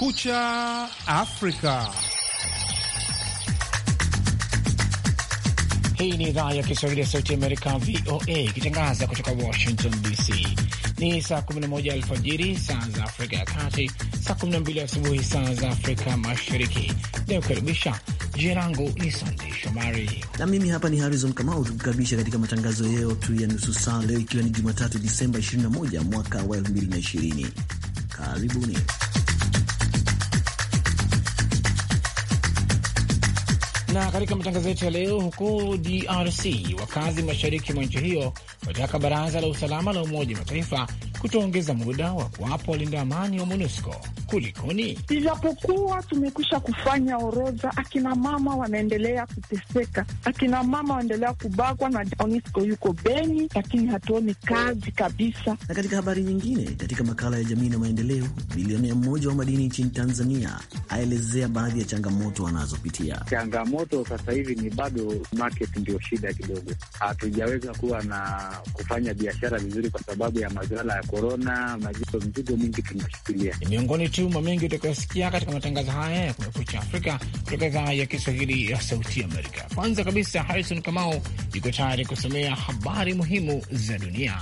Kumekucha Afrika. Hii ni idhaa ya Kiswahili ya Sauti Amerika, VOA, ikitangaza kutoka Washington DC. Ni saa 11 alfajiri saa za Afrika ya Kati, saa 12 asubuhi saa za Afrika Mashariki. Inayokaribisha jina langu ni Sandei Shomari na mimi hapa ni Harizon Kamau, tukukaribisha katika matangazo yeo tu ya nusu saa leo, ikiwa ni Jumatatu Disemba 21 mwaka wa 2020. Karibuni. Na katika matangazo yetu ya leo, huko DRC wakazi mashariki mwa nchi hiyo wataka baraza la usalama la Umoja Mataifa kutoongeza muda wa kuwapa walinda amani wa MONUSCO. Kulikoni? Ijapokuwa tumekwisha kufanya orodha, akina mama wanaendelea kuteseka, akina mama wanaendelea kubakwa na MONUSCO yuko Beni, lakini hatuoni kazi kabisa. Na katika habari nyingine, katika makala ya jamii na maendeleo, bilionea mmoja wa madini nchini Tanzania aelezea baadhi ya changamoto wanazopitia Changamoto changamoto sasa hivi ni bado market ndio shida kidogo, hatujaweza kuwa na kufanya biashara vizuri kwa sababu ya madhara ya korona, majizo mzigo mingi tunashikilia. Ni miongoni tu mwa mengi utakayosikia katika matangazo haya ya Kumekucha Afrika kutoka idhaa ya Kiswahili ya Sauti Amerika. Kwanza kabisa, Harrison Kamau yuko tayari kusomea habari muhimu za dunia.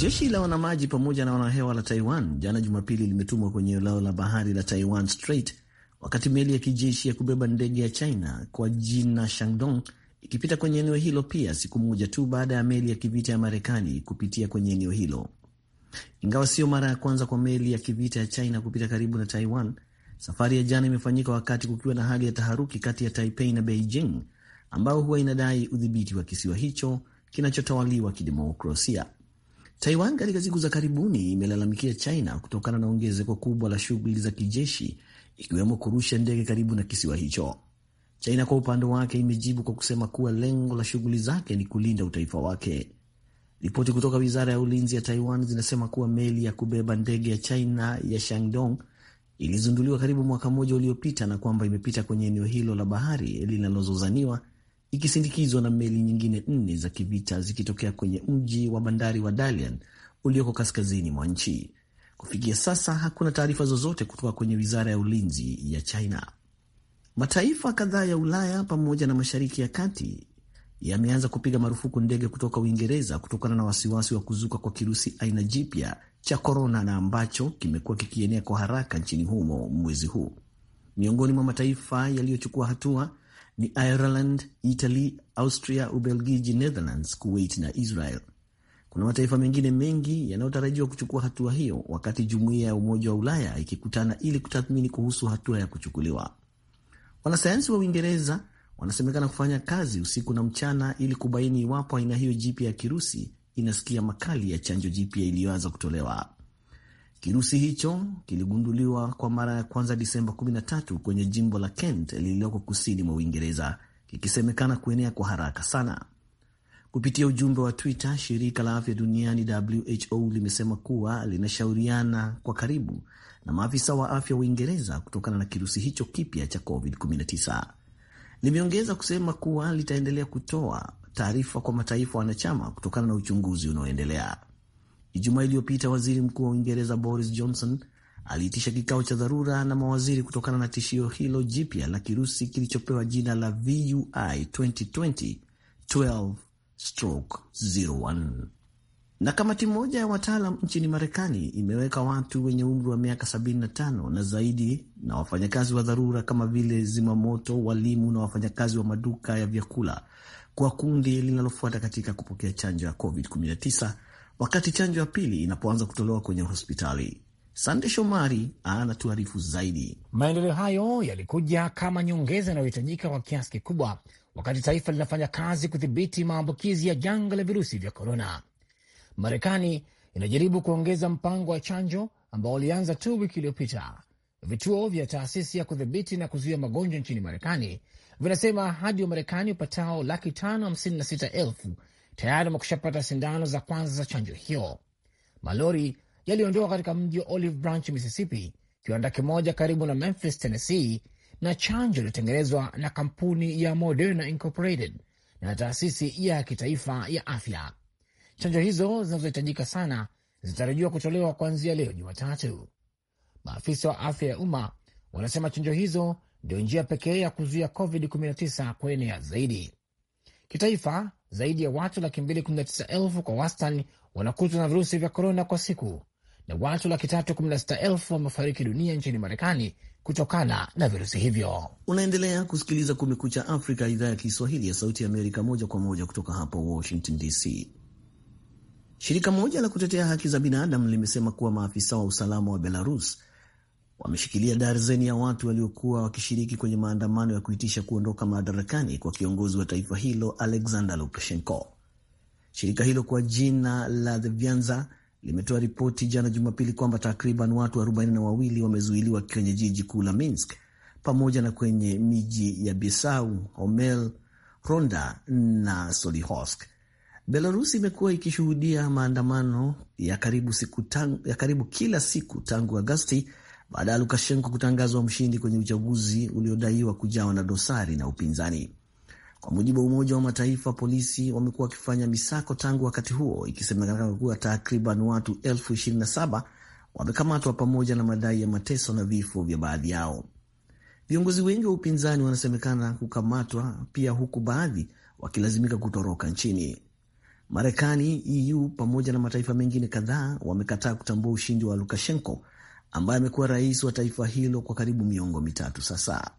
Jeshi la wanamaji pamoja na wanahewa la Taiwan jana Jumapili limetumwa kwenye eneo la bahari la Taiwan Strait wakati meli ya kijeshi ya kubeba ndege ya China kwa jina Shandong ikipita kwenye eneo hilo pia siku moja tu baada ya meli ya kivita ya Marekani kupitia kwenye eneo hilo. Ingawa sio mara ya kwanza kwa meli ya kivita ya China kupita karibu na Taiwan, safari ya jana imefanyika wakati kukiwa na hali ya taharuki kati ya Taipei na Beijing ambayo huwa inadai udhibiti wa kisiwa hicho kinachotawaliwa kidemokrasia. Taiwan katika siku za karibuni imelalamikia China kutokana na ongezeko kubwa la shughuli za kijeshi ikiwemo kurusha ndege karibu na kisiwa hicho. China kwa upande wake imejibu kwa kusema kuwa lengo la shughuli zake ni kulinda utaifa wake. Ripoti kutoka wizara ya ulinzi ya Taiwan zinasema kuwa meli ya kubeba ndege ya China ya Shandong ilizunduliwa karibu mwaka mmoja uliopita na kwamba imepita kwenye eneo hilo la bahari linalozozaniwa ikisindikizwa na meli nyingine nne za kivita zikitokea kwenye mji wa bandari wa Dalian ulioko kaskazini mwa nchi. Kufikia sasa hakuna taarifa zozote kutoka kwenye wizara ya ulinzi ya China. Mataifa kadhaa ya Ulaya pamoja na Mashariki ya Kati yameanza kupiga marufuku ndege kutoka Uingereza kutokana na wasiwasi wa kuzuka kwa kirusi aina jipya cha korona na ambacho kimekuwa kikienea kwa haraka nchini humo mwezi huu. Miongoni mwa mataifa yaliyochukua hatua ni Ireland, Italy, Austria, Ubelgiji, Netherlands, Kuwait na Israel. Kuna mataifa mengine mengi yanayotarajiwa kuchukua hatua hiyo, wakati jumuiya ya Umoja wa Ulaya ikikutana ili kutathmini kuhusu hatua ya kuchukuliwa. Wanasayansi wa Uingereza wanasemekana kufanya kazi usiku na mchana ili kubaini iwapo aina hiyo jipya ya kirusi inasikia makali ya chanjo jipya iliyoanza kutolewa. Kirusi hicho kiligunduliwa kwa mara ya kwanza Disemba 13 kwenye jimbo la Kent lililoko kusini mwa Uingereza, kikisemekana kuenea kwa haraka sana. Kupitia ujumbe wa Twitter, shirika la afya duniani WHO limesema kuwa linashauriana kwa karibu na maafisa wa afya wa Uingereza kutokana na kirusi hicho kipya cha COVID-19. Limeongeza kusema kuwa litaendelea kutoa taarifa kwa mataifa wanachama kutokana na uchunguzi unaoendelea. Ijumaa iliyopita waziri mkuu wa Uingereza Boris Johnson aliitisha kikao cha dharura na mawaziri kutokana na tishio hilo jipya la kirusi kilichopewa jina la VUI 2020 12-01. Na kamati moja ya wataalam nchini Marekani imeweka watu wenye umri wa miaka 75 na zaidi na wafanyakazi wa dharura kama vile zimamoto, walimu na wafanyakazi wa maduka ya vyakula kwa kundi linalofuata katika kupokea chanjo ya COVID-19 wakati chanjo ya pili inapoanza kutolewa kwenye hospitali. Sande Shomari anatuarifu zaidi. Maendeleo hayo yalikuja kama nyongeza inayohitajika kwa kiasi kikubwa, wakati taifa linafanya kazi kudhibiti maambukizi ya janga la virusi vya korona. Marekani inajaribu kuongeza mpango wa chanjo ambao ulianza tu wiki iliyopita. Vituo vya taasisi ya kudhibiti na kuzuia magonjwa nchini Marekani vinasema hadi wa Marekani upatao laki tano hamsini na sita elfu tayari wamekushapata sindano za kwanza za chanjo hiyo. Malori yaliondoka katika mji wa Olive Branch, Mississippi, kiwanda kimoja karibu na Memphis, Tennessee, na chanjo iliyotengenezwa na kampuni ya Moderna Incorporated na taasisi ya kitaifa ya afya. Chanjo hizo zinazohitajika sana zinatarajiwa kutolewa kuanzia leo Jumatatu. Maafisa wa afya ya umma wanasema chanjo hizo ndio njia pekee ya kuzuia COVID-19 kuenea zaidi. Kitaifa, zaidi ya watu laki mbili kumi na tisa elfu kwa wastani wanakutwa na virusi vya korona kwa siku na watu laki tatu kumi na sita elfu wamefariki dunia nchini Marekani kutokana na virusi hivyo. Unaendelea kusikiliza Kumekucha Afrika, idhaa ya Kiswahili ya Sauti ya Amerika, moja kwa moja kutoka hapa Washington DC. Shirika moja la kutetea haki za binadamu limesema kuwa maafisa wa usalama wa Belarus wameshikilia darzeni ya watu waliokuwa wakishiriki kwenye maandamano ya kuitisha kuondoka madarakani kwa kiongozi wa taifa hilo Alexander Lukashenko. Shirika hilo kwa jina la The Vyanza limetoa ripoti jana Jumapili kwamba takriban watu 42 wamezuiliwa kwenye jiji kuu la Minsk pamoja na kwenye miji ya Bisau, Homel, Ronda na Solihosk. Belarusi imekuwa ikishuhudia maandamano ya karibu, siku tang, ya karibu kila siku tangu Agosti baada ya Lukashenko kutangazwa mshindi kwenye uchaguzi uliodaiwa kujawa na dosari na upinzani. Kwa mujibu wa Umoja wa Mataifa, polisi wamekuwa wakifanya misako tangu wakati huo, ikisemekana kuwa takriban watu elfu 27 wamekamatwa pamoja na madai ya mateso na vifo vya baadhi yao. Viongozi wengi wa upinzani wanasemekana kukamatwa pia, huku baadhi wakilazimika kutoroka nchini. Marekani, EU pamoja na mataifa mengine kadhaa wamekataa kutambua ushindi wa Lukashenko ambaye amekuwa rais wa taifa hilo kwa karibu miongo mitatu sasa.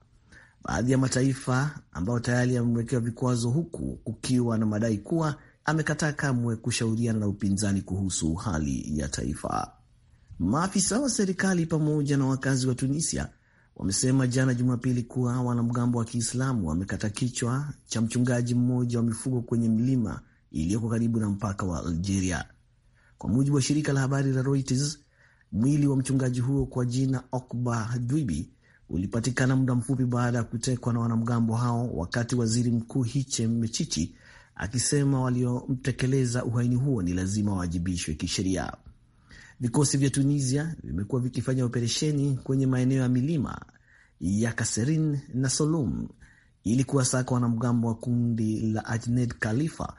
Baadhi ya mataifa ambayo tayari yamewekewa vikwazo, huku kukiwa na madai kuwa amekataa kamwe kushauriana na upinzani kuhusu hali ya taifa. Maafisa wa serikali pamoja na wakazi wa Tunisia wamesema jana Jumapili kuwa wanamgambo wa Kiislamu wamekata kichwa cha mchungaji mmoja wa mifugo kwenye mlima iliyoko karibu na mpaka wa Algeria. Kwa mujibu wa shirika la habari la Reuters, Mwili wa mchungaji huo kwa jina Okba Dwibi ulipatikana muda mfupi baada ya kutekwa na wanamgambo hao, wakati waziri mkuu Hiche Mechichi akisema waliomtekeleza uhaini huo ni lazima waajibishwe kisheria. Vikosi vya Tunisia vimekuwa vikifanya operesheni kwenye maeneo ya milima ya Kaserin na Solum ili kuwasaka wanamgambo wa kundi la Ajned Khalifa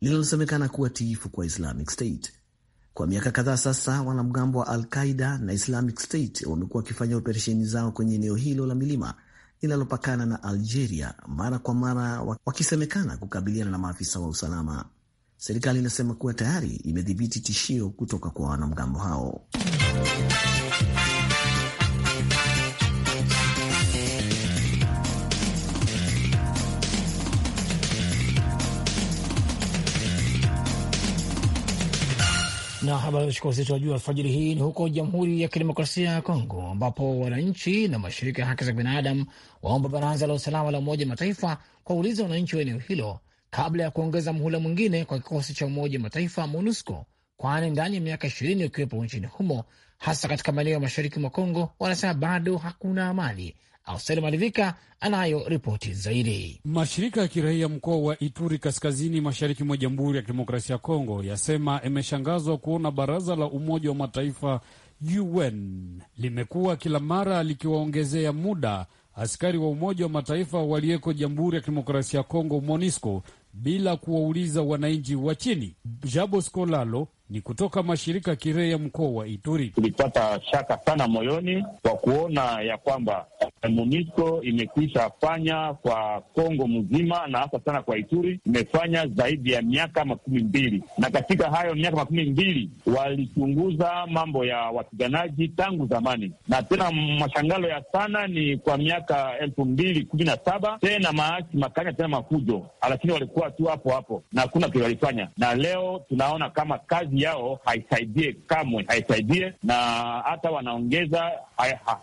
linalosemekana kuwa tiifu kwa Islamic State. Kwa miaka kadhaa sasa, wanamgambo wa Al-Qaida na Islamic State wamekuwa wakifanya operesheni zao kwenye eneo hilo la milima linalopakana na Algeria, mara kwa mara wakisemekana kukabiliana na maafisa wa usalama. Serikali inasema kuwa tayari imedhibiti tishio kutoka kwa wanamgambo hao. Na habari zachukua uzito wa juu alfajiri hii ni huko Jamhuri ya Kidemokrasia ya Kongo, ambapo wananchi na mashirika ya haki za binadamu waomba Baraza la Usalama la Umoja Mataifa kuwauliza wananchi wa eneo hilo kabla ya kuongeza mhula mwingine kwa kikosi cha Umoja Mataifa MONUSCO, kwani ndani ya miaka ishirini ukiwepo nchini humo, hasa katika maeneo ya mashariki mwa Kongo, wanasema bado hakuna amani Auseli Malivika anayo ripoti zaidi. Mashirika ya kiraia mkoa wa Ituri, kaskazini mashariki mwa Jamhuri ya Kidemokrasia ya Kongo, yasema imeshangazwa kuona baraza la Umoja wa Mataifa UN limekuwa kila mara likiwaongezea muda askari wa Umoja wa Mataifa waliyeko Jamhuri ya Kidemokrasia ya Kongo, monisco bila kuwauliza wananchi wa chini. Jabo Skolalo ni kutoka mashirika kirea mkoa wa Ituri. Tulipata shaka sana moyoni kwa kuona ya kwamba MONUSCO imekwisha fanya kwa Kongo mzima na hasa sana kwa Ituri, imefanya zaidi ya miaka makumi mbili, na katika hayo miaka makumi mbili walichunguza mambo ya wapiganaji tangu zamani, na tena mashangalo ya sana ni kwa miaka elfu mbili kumi na saba tena maasi makanya tena mafujo, lakini walikuwa tu hapo hapo na hakuna kilolifanya, na leo tunaona kama kazi yao haisaidie kamwe, haisaidie na hata wanaongeza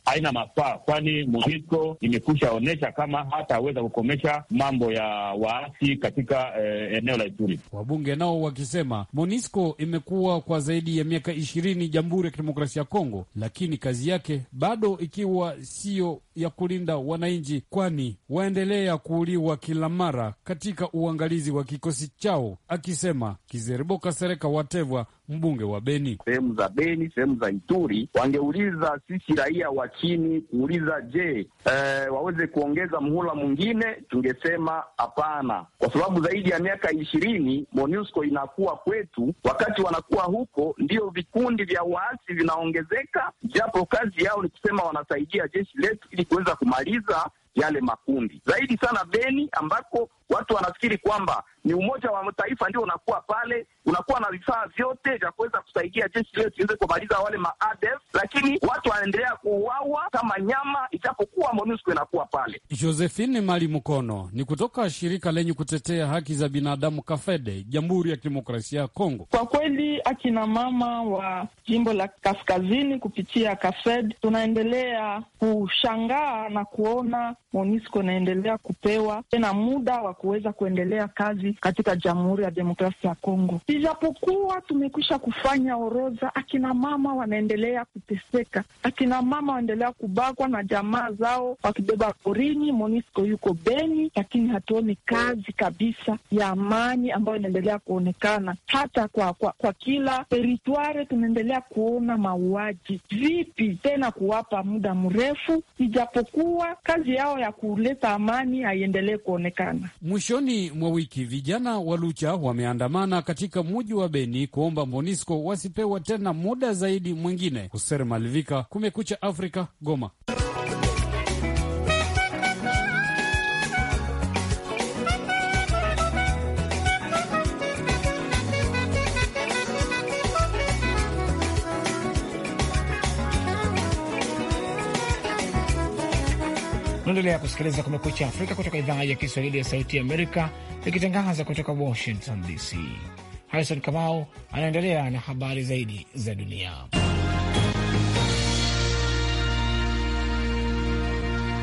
haina mafaa, kwani MONUSCO imekusha onyesha kama hataweza kukomesha mambo ya waasi katika eh, eneo la Ituri. Wabunge nao wakisema MONUSCO imekuwa kwa zaidi ya miaka ishirini Jamhuri ya Kidemokrasia ya Kongo, lakini kazi yake bado ikiwa siyo ya kulinda wananchi, kwani waendelea kuuliwa kila mara katika uangalizi wa kikosi chao, akisema kizeriboka sereka Watevwa mbunge wa Beni. Sehemu za Beni, sehemu za Ituri, wangeuliza sisi raia wa chini kuuliza, je, e, waweze kuongeza mhula mwingine? Tungesema hapana, kwa sababu zaidi ya miaka ishirini MONUSCO inakuwa kwetu. Wakati wanakuwa huko, ndio vikundi vya waasi vinaongezeka, japo kazi yao ni kusema wanasaidia jeshi letu ili kuweza kumaliza yale makundi zaidi sana Beni ambako Watu wanafikiri kwamba ni Umoja wa Mataifa ndio unakuwa pale, unakuwa na vifaa vyote vya kuweza kusaidia jeshi hiyo iweze kumaliza wale maadef, lakini watu wanaendelea kuuawa kama nyama, ijapokuwa MONUSCO inakuwa pale. Josephine Mali Mkono ni kutoka shirika lenye kutetea haki za binadamu Kafede, Jamhuri ya Kidemokrasia ya Kongo. Kwa kweli akina mama wa jimbo la kaskazini kupitia Kafed tunaendelea kushangaa na kuona MONUSCO inaendelea kupewa tena muda wa kuweza kuendelea kazi katika Jamhuri ya Demokrasia ya Kongo. Ijapokuwa tumekwisha kufanya orodha, akina mama wanaendelea kuteseka, akina mama wanaendelea kubakwa na jamaa zao wakibeba porini. Monisco yuko Beni, lakini hatuoni kazi kabisa ya amani ambayo inaendelea kuonekana hata kwa kwa, kwa kila teritware tunaendelea kuona mauaji. Vipi tena kuwapa muda mrefu, ijapokuwa kazi yao ya kuleta amani haiendelee kuonekana. Mwishoni mwa wiki vijana wa Lucha wameandamana katika muji wa Beni kuomba MONISCO wasipewa tena muda zaidi mwingine. Hoser Malivika, Kumekucha Afrika, Goma. Unaendelea kusikiliza Kumekucha Afrika kutoka idhaa ya Kiswahili ya Sauti Amerika, ikitangaza kutoka Washington DC. Harrison Kamau anaendelea na habari zaidi za dunia.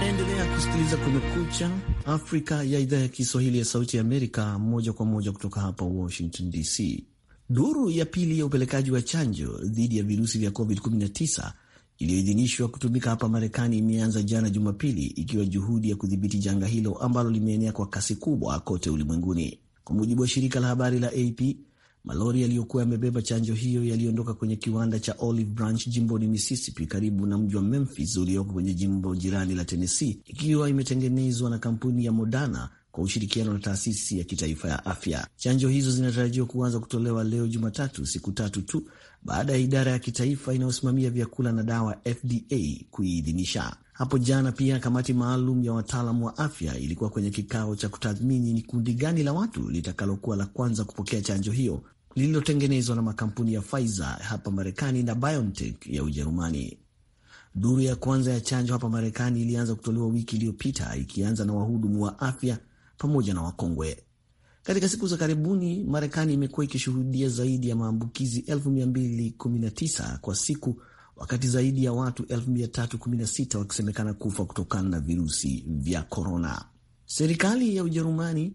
Naendelea kusikiliza Kumekucha Afrika ya idhaa ya Kiswahili ya Sauti Amerika, moja kwa moja kutoka hapa Washington DC. Duru ya pili ya upelekaji wa chanjo dhidi ya virusi vya COVID-19 iliyoidhinishwa kutumika hapa Marekani imeanza jana Jumapili, ikiwa juhudi ya kudhibiti janga hilo ambalo limeenea kwa kasi kubwa kote ulimwenguni. Kwa mujibu wa shirika la habari la AP, malori yaliyokuwa yamebeba chanjo hiyo yaliondoka kwenye kiwanda cha Olive Branch jimboni Mississippi, karibu na mji wa Memphis ulioko kwenye jimbo jirani la Tennessee, ikiwa imetengenezwa na kampuni ya Moderna kwa ushirikiano na taasisi ya kitaifa ya afya. Chanjo hizo zinatarajiwa kuanza kutolewa leo Jumatatu, siku tatu tu baada ya idara ya kitaifa inayosimamia vyakula na dawa FDA kuiidhinisha. Hapo jana pia kamati maalum ya wataalam wa afya ilikuwa kwenye kikao cha kutathmini ni kundi gani la watu litakalokuwa la kwanza kupokea chanjo hiyo lililotengenezwa na makampuni ya Pfizer hapa Marekani na BioNTech ya Ujerumani. Duru ya kwanza ya chanjo hapa Marekani ilianza kutolewa wiki iliyopita, ikianza na wahudumu wa afya pamoja na wakongwe. Katika siku za karibuni, Marekani imekuwa ikishuhudia zaidi ya maambukizi 219 kwa siku, wakati zaidi ya watu 316 wakisemekana kufa kutokana na virusi vya korona. Serikali ya Ujerumani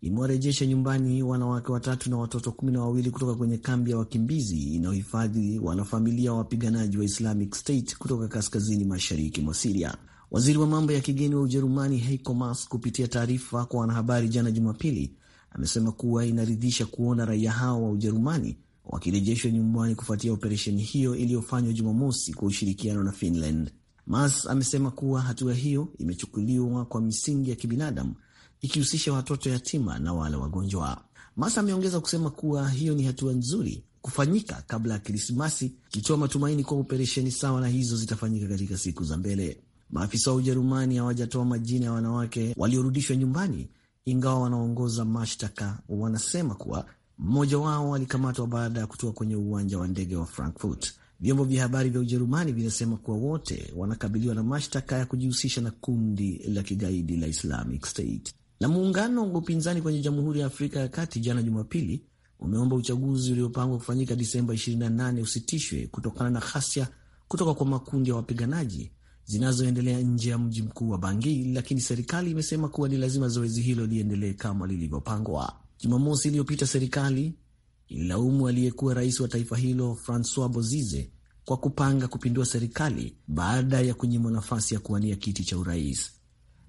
imewarejesha nyumbani wanawake watatu na watoto kumi na wawili kutoka kwenye kambi ya wakimbizi inayohifadhi wanafamilia wa wapiganaji wa Islamic State kutoka kaskazini mashariki mwa Siria. Waziri wa mambo ya kigeni wa Ujerumani Heiko Maas, kupitia taarifa kwa wanahabari jana Jumapili, amesema kuwa inaridhisha kuona raia hao wa Ujerumani wakirejeshwa nyumbani kufuatia operesheni hiyo iliyofanywa Jumamosi kwa ushirikiano na Finland. Mas amesema kuwa hatua hiyo imechukuliwa kwa misingi ya kibinadamu ikihusisha watoto yatima na wale wagonjwa. Mas ameongeza kusema kuwa hiyo ni hatua nzuri kufanyika kabla ya Krismasi, ikitoa matumaini kuwa operesheni sawa na hizo zitafanyika katika siku za mbele. Maafisa wa Ujerumani hawajatoa majina ya wanawake waliorudishwa nyumbani ingawa wanaongoza mashtaka wanasema kuwa mmoja wao alikamatwa baada ya kutoka kwenye uwanja wa ndege wa Frankfurt. Vyombo vya habari vya Ujerumani vinasema kuwa wote wanakabiliwa na mashtaka ya kujihusisha na kundi la kigaidi la Islamic State. Na muungano wa upinzani kwenye Jamhuri ya Afrika ya Kati jana Jumapili umeomba uchaguzi uliopangwa kufanyika Disemba 28 usitishwe kutokana na ghasia kutoka kwa makundi ya wapiganaji zinazoendelea nje ya mji mkuu wa Bangi, lakini serikali imesema kuwa ni lazima zoezi hilo liendelee kama lilivyopangwa. Jumamosi iliyopita serikali ililaumu aliyekuwa rais wa taifa hilo Francois Bozize kwa kupanga kupindua serikali baada ya kunyimwa nafasi ya kuwania kiti cha urais.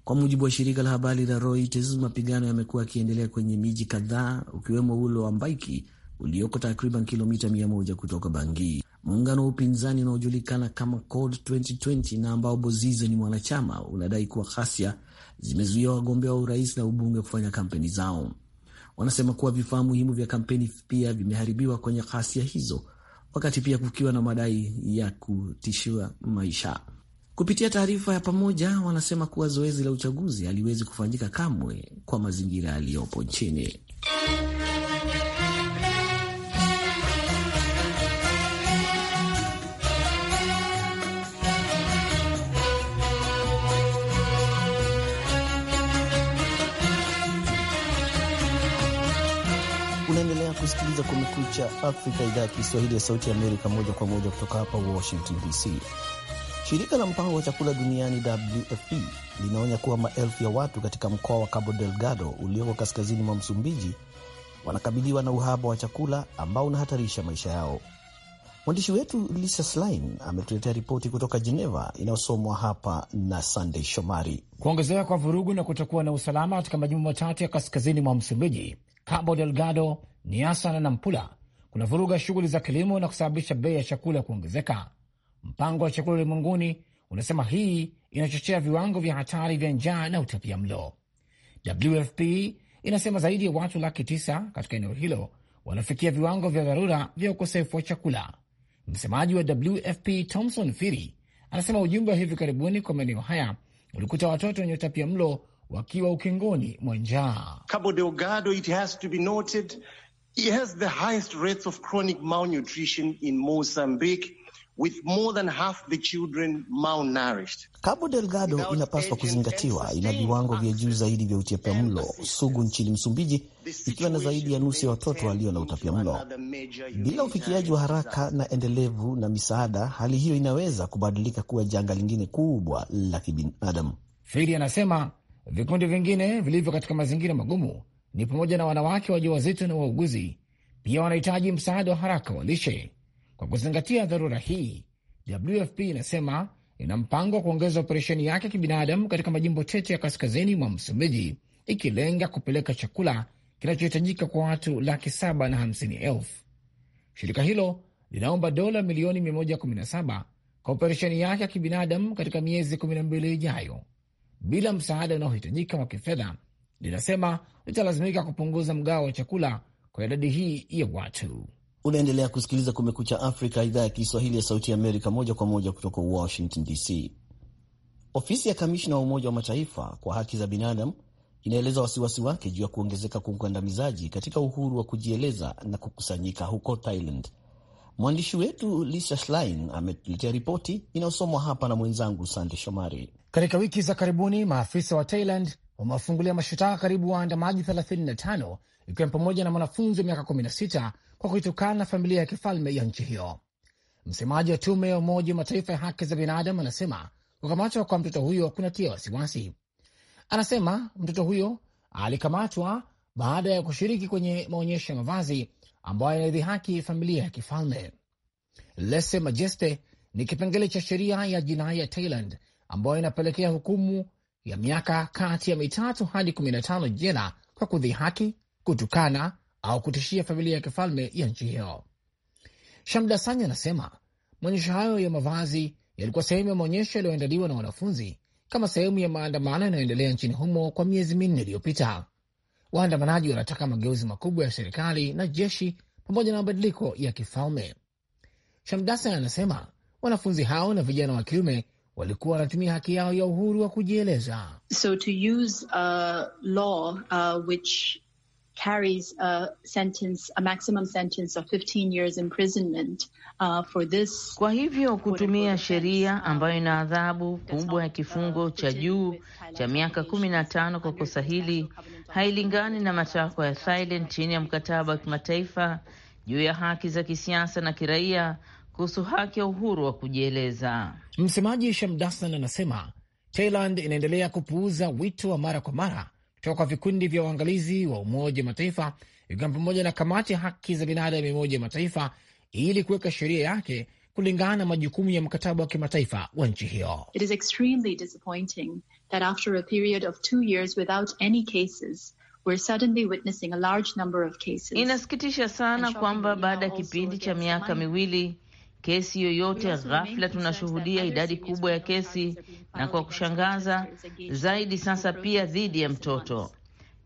Kwa mujibu wa shirika la habari la Reuters, mapigano yamekuwa yakiendelea kwenye miji kadhaa, ukiwemo ulo wa Mbaiki ulioko takriban kilomita 1 kutoka Bangui. Muungano wa upinzani unaojulikana kama CORD 2020 na ambao Bozize ni mwanachama unadai kuwa ghasia zimezuia wagombea wa urais na ubunge kufanya kampeni zao. Wanasema kuwa vifaa muhimu vya kampeni pia vimeharibiwa kwenye ghasia hizo, wakati pia kukiwa na madai ya kutishiwa maisha. Kupitia taarifa ya pamoja, wanasema kuwa zoezi la uchaguzi haliwezi kufanyika kamwe kwa mazingira yaliyopo nchini. Kumekucha Afrika, idhaa ya Kiswahili ya Sauti ya Amerika, moja kwa moja kutoka hapa Washington DC. Shirika la mpango wa chakula duniani WFP linaonya kuwa maelfu ya watu katika mkoa wa Cabo Delgado ulioko kaskazini mwa Msumbiji wanakabiliwa na uhaba wa chakula ambao unahatarisha maisha yao. Mwandishi wetu Lisa Slin ametuletea ripoti kutoka Geneva inayosomwa hapa na Sandey Shomari. Kuongezeka kwa vurugu na kutokuwa na usalama katika majimbo matatu ya kaskazini mwa Msumbiji, Cabo Delgado, Niasa na Nampula kuna vuruga shughuli za kilimo na kusababisha bei ya chakula kuongezeka. Mpango wa chakula ulimwenguni unasema hii inachochea viwango vya hatari vya njaa na utapia mlo. WFP inasema zaidi ya watu laki tisa katika eneo hilo wanafikia viwango vya dharura vya ukosefu wa chakula. Msemaji wa WFP Thomson Firi anasema ujumbe wa hivi karibuni kwa maeneo haya ulikuta watoto wenye utapia mlo wakiwa ukingoni mwa njaa. He has the highest rates of chronic malnutrition in Mozambique with more than half the children malnourished. Cabo Delgado inapaswa kuzingatiwa, ina viwango vya juu zaidi vya utapia mlo sugu nchini Msumbiji, ikiwa na zaidi ya nusu ya watoto walio na utapia mlo Bila ufikiaji wa haraka na endelevu na misaada, hali hiyo inaweza kubadilika kuwa janga lingine kubwa la kibinadamu. Feri anasema vikundi vingine vilivyo katika mazingira magumu ni pamoja na wanawake wajawazito na wauguzi, pia wanahitaji msaada wa haraka wa lishe. Kwa kuzingatia dharura hii, WFP inasema ina mpango wa kuongeza operesheni yake ya kibinadamu katika majimbo tete ya kaskazini mwa Msumbiji, ikilenga kupeleka chakula kinachohitajika kwa watu laki saba na hamsini elfu. Shirika hilo linaomba dola milioni 117 kwa operesheni yake ya kibinadamu katika miezi 12 ijayo, bila msaada unaohitajika wa kifedha linasema litalazimika kupunguza mgao wa chakula kwa idadi hii ya watu. Unaendelea kusikiliza Kumekucha Afrika, idhaa ya Kiswahili ya Sauti ya Amerika, moja kwa moja kutoka Washington DC. Ofisi ya kamishna wa Umoja wa Mataifa kwa haki za binadamu inaeleza wasiwasi wake juu ya kuongezeka kwa ukandamizaji katika uhuru wa kujieleza na kukusanyika huko Thailand. Mwandishi wetu Lisa Schlein ametuletea ripoti inayosomwa hapa na mwenzangu Sande Shomari. Katika wiki za karibuni, maafisa wa Thailand wamewafungulia mashtaka karibu waandamaji 35 ikiwa ni pamoja na mwanafunzi wa miaka 16 kwa kuitukana na familia ya kifalme ya nchi hiyo. Msemaji wa tume ya Umoja wa Mataifa ya haki za binadamu anasema kukamatwa kwa mtoto huyo kunatia wasiwasi. Anasema mtoto huyo alikamatwa baada ya kushiriki kwenye maonyesho ya mavazi ambayo haki familia ya kifalme. Lese majeste ni kipengele cha sheria ya jinai ya Thailand ambayo inapelekea hukumu ya miaka kati ya mitatu hadi 15 jela kwa kudhihaki, kutukana au kutishia familia ya kifalme ya nchi hiyo. Shamdasani anasema maonyesho hayo ya mavazi yalikuwa sehemu ya maonyesho yaliyoandaliwa na wanafunzi kama sehemu ya maandamano yanayoendelea nchini humo kwa miezi minne iliyopita. Waandamanaji wanataka mageuzi makubwa ya serikali na jeshi pamoja na mabadiliko ya kifalme. Shamdasa anasema wanafunzi hao na vijana wa kiume walikuwa wanatumia haki yao ya uhuru wa kujieleza. So to use a law uh, which carries a sentence, a maximum sentence of 15 years imprisonment uh, for this. Kwa hivyo kutumia sheria uh, ambayo ina adhabu kubwa ya uh, kifungo cha juu cha miaka 15 kwa kosa hili hailingani na matakwa ya Thailand chini ya mkataba wa kimataifa juu ya haki za kisiasa na kiraia kuhusu haki ya uhuru wa kujieleza. Msemaji Shamdasan anasema Thailand inaendelea kupuuza wito wa mara kwa mara kutoka kwa vikundi vya uangalizi wa Umoja Mataifa, ikiwa pamoja na kamati ya haki za binadamu ya Umoja Mataifa ili kuweka sheria yake kulingana na majukumu ya mkataba wa kimataifa wa nchi hiyo. Inasikitisha sana kwamba baada ya kipindi cha miaka miwili kesi yoyote ghafla, tunashuhudia idadi kubwa ya kesi, na kwa kushangaza zaidi sasa pia dhidi ya mtoto.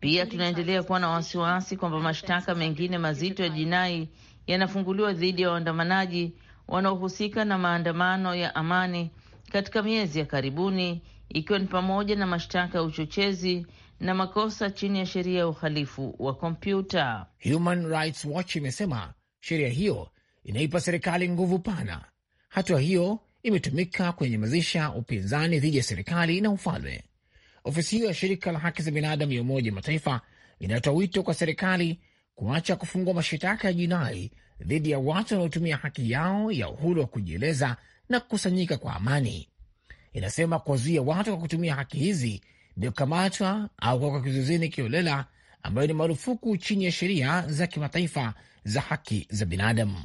Pia tunaendelea kuwa na wasiwasi kwamba mashtaka mengine mazito ya jinai yanafunguliwa dhidi ya waandamanaji wanaohusika na maandamano ya amani katika miezi ya karibuni, ikiwa ni pamoja na mashtaka ya uchochezi na makosa chini ya sheria ya uhalifu wa kompyuta. Human Rights Watch imesema sheria hiyo inaipa serikali nguvu pana. Hatua hiyo imetumika kuenyamazisha upinzani dhidi ya serikali na ufalme. Ofisi hiyo ya shirika la haki za binadamu ya Umoja Mataifa inatoa wito kwa serikali kuacha kufungua mashitaka ya jinai dhidi ya watu wanaotumia haki yao ya uhuru wa kujieleza na kukusanyika kwa amani. Inasema kuwazuia watu kwa kutumia haki hizi ndio kukamatwa au kuwekwa kizuizini kiolela, ambayo ni marufuku chini ya sheria za kimataifa za haki za binadamu.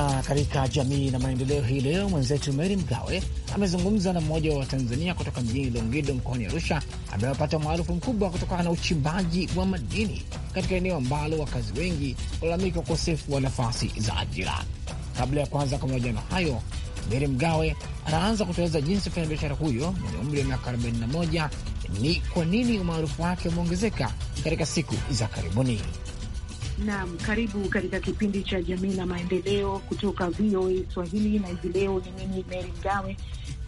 Na katika jamii na maendeleo hii leo, mwenzetu Meri Mgawe amezungumza na mmoja wa Watanzania kutoka mjini Longido mkoani Arusha, ambaye amepata umaarufu mkubwa kutokana na uchimbaji wa madini katika eneo ambalo wakazi wengi walalamika ukosefu wa nafasi za ajira. Kabla ya kuanza kwa mahojiano hayo, Meri Mgawe anaanza kutueleza jinsi mfanyabiashara huyo mwenye umri wa miaka 41 ni kwa nini umaarufu wake umeongezeka katika siku za karibuni. Naam, karibu katika kipindi cha jamii na maendeleo kutoka VOA Swahili, na hivi leo ni mimi Meri Mgawe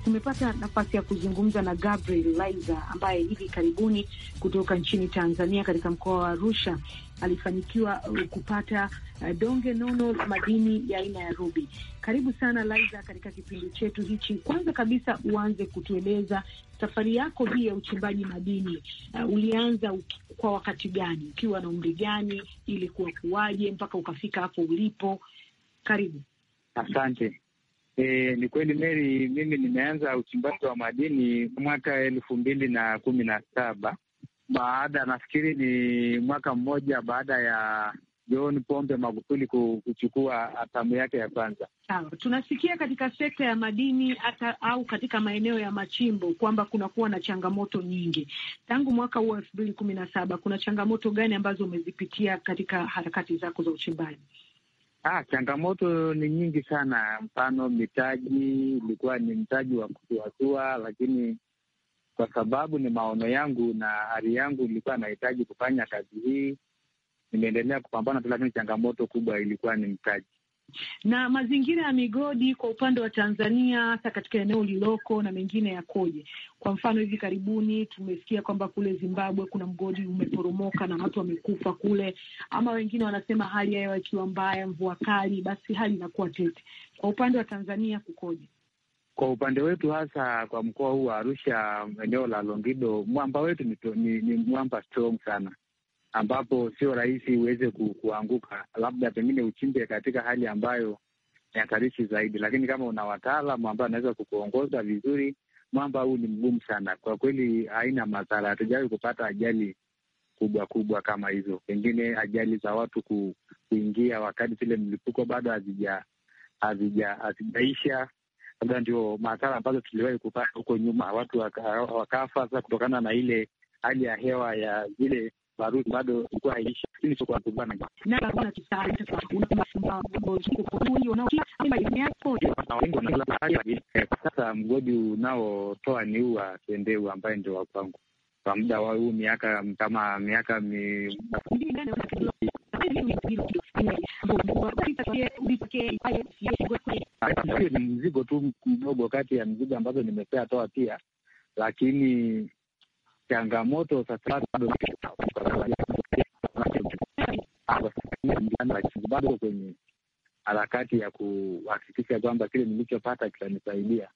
tumepata nafasi ya kuzungumza na Gabriel Laiza ambaye hivi karibuni kutoka nchini Tanzania katika mkoa wa Arusha alifanikiwa uh, kupata uh, donge nono la madini ya aina ya rubi. Karibu sana Laiza katika kipindi chetu hichi. Kwanza kabisa, uanze kutueleza safari yako hii ya uchimbaji madini. Uh, ulianza kwa wakati gani, ukiwa na umri gani, ilikuwa kuwaje mpaka ukafika hapo ulipo? Karibu. Asante. E, ni kweli meri mimi nimeanza uchimbaji wa madini mwaka elfu mbili na kumi na saba baada nafikiri ni mwaka mmoja baada ya John Pombe Magufuli kuchukua hatamu yake ya kwanza. Sawa, tunasikia katika sekta ya madini hata au katika maeneo ya machimbo kwamba kunakuwa na changamoto nyingi tangu mwaka huu elfu mbili kumi na saba. Kuna changamoto gani ambazo umezipitia katika harakati zako za uchimbaji? Ah, changamoto ni nyingi sana. Mfano, mitaji ilikuwa ni mtaji wa kutuatua, lakini kwa sababu ni maono yangu na hali yangu ilikuwa nahitaji kufanya kazi hii, nimeendelea kupambana tu, lakini changamoto kubwa ilikuwa ni mtaji na mazingira ya migodi kwa upande wa Tanzania, hasa katika eneo lililoko na mengine yakoje? Kwa mfano, hivi karibuni tumesikia kwamba kule Zimbabwe kuna mgodi umeporomoka na watu wamekufa kule, ama wengine wanasema hali ya hewa ikiwa mbaya, mvua kali, basi hali inakuwa tete. Kwa upande wa Tanzania kukoje? Kwa upande wetu hasa kwa mkoa huu wa Arusha, eneo la Longido, mwamba wetu ni, ni, ni mwamba strong sana ambapo sio rahisi uweze ku, kuanguka, labda pengine uchimbe katika hali ambayo ni hatarishi zaidi. Lakini kama una wataalamu ambao anaweza kukuongoza vizuri, mwamba huu ni mgumu sana kwa kweli, haina madhara. Hatujawahi kupata ajali kubwa kubwa kama hizo, pengine ajali za watu ku, kuingia wakati zile mlipuko bado hazija hazijaisha labda ndio madhara ambazo tuliwahi kupata huko nyuma, watu wakafa. Sasa kutokana na ile hali ya hewa ya zile barudi bado ilikuwa haiishi ili soko kubwa na sasa, mgodi unaotoa ni huu wa ambaye ndio wa kwangu kwa muda wa huu miaka kama miaka mi ni mzigo tu mdogo kati ya mzigo ambazo nimepea toa pia, lakini changamoto sasa bado kwenye harakati ya kuhakikisha kwamba kile nilichopata kitanisaidia,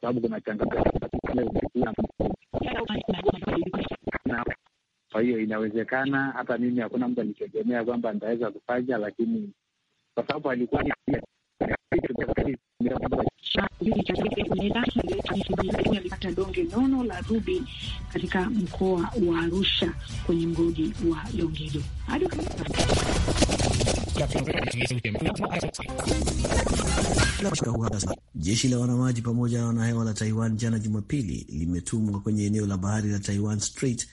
sababu kuna changamoto. Kwa hiyo inawezekana hata mimi, hakuna mtu alitegemea kwamba nitaweza kufanya, lakini kwa sababu alikuwa alipata donge nono la rubi katika mkoa wa Arusha kwenye mgodi wa Longido. Jeshi la wanamaji pamoja na wanahewa la Taiwan jana Jumapili limetumwa kwenye eneo la bahari la Taiwan Strait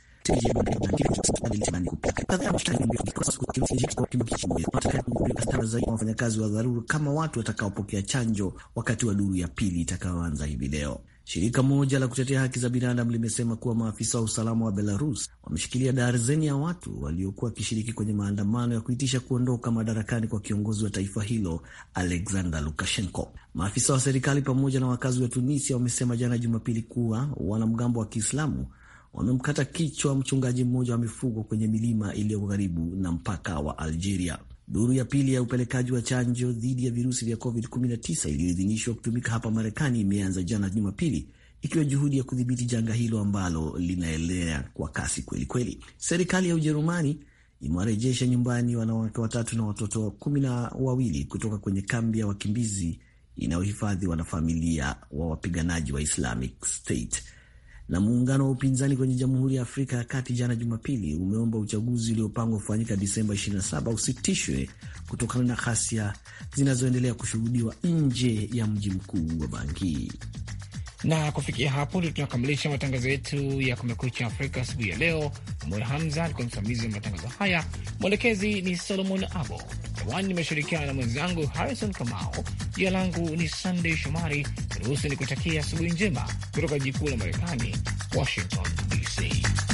zaidi wafanyakazi wa dharura kama watu watakaopokea chanjo wakati wa duru ya pili itakayoanza hivi leo. Shirika moja la kutetea haki za binadamu limesema kuwa maafisa wa usalama wa Belarus wameshikilia darzeni ya watu waliokuwa wakishiriki kwenye maandamano ya kuitisha kuondoka madarakani kwa kiongozi wa taifa hilo Alexander Lukashenko. Maafisa wa serikali pamoja na wakazi wa Tunisia wamesema jana Jumapili kuwa wanamgambo wa Kiislamu wamemkata kichwa mchungaji mmoja wa mifugo kwenye milima iliyo karibu na mpaka wa Algeria. Duru ya pili ya upelekaji wa chanjo dhidi ya virusi vya COVID-19 iliyoidhinishwa kutumika hapa Marekani imeanza jana Jumapili, ikiwa juhudi ya kudhibiti janga hilo ambalo linaelea kwa kasi kweli kweli. Serikali ya Ujerumani imewarejesha nyumbani wanawake watatu na watoto kumi na wawili kutoka kwenye kambi ya wakimbizi inayohifadhi wanafamilia wa wapiganaji wa Islamic State na muungano wa upinzani kwenye Jamhuri ya Afrika ya Kati jana Jumapili umeomba uchaguzi uliopangwa kufanyika Disemba 27 usitishwe kutokana na ghasia zinazoendelea kushuhudiwa nje ya mji mkuu wa Bangui. Na kufikia hapo ndio tunakamilisha matangazo yetu ya Kumekucha Afrika asubuhi ya leo. Mwe Hamza alikuwa msimamizi wa matangazo haya, mwelekezi ni Solomon Abo. Hewani nimeshirikiana na mwenzangu Harrison Kamao. Jina langu ni Sandey Shomari. Ruhusu ni kutakia asubuhi njema kutoka jikuu la Marekani, Washington DC.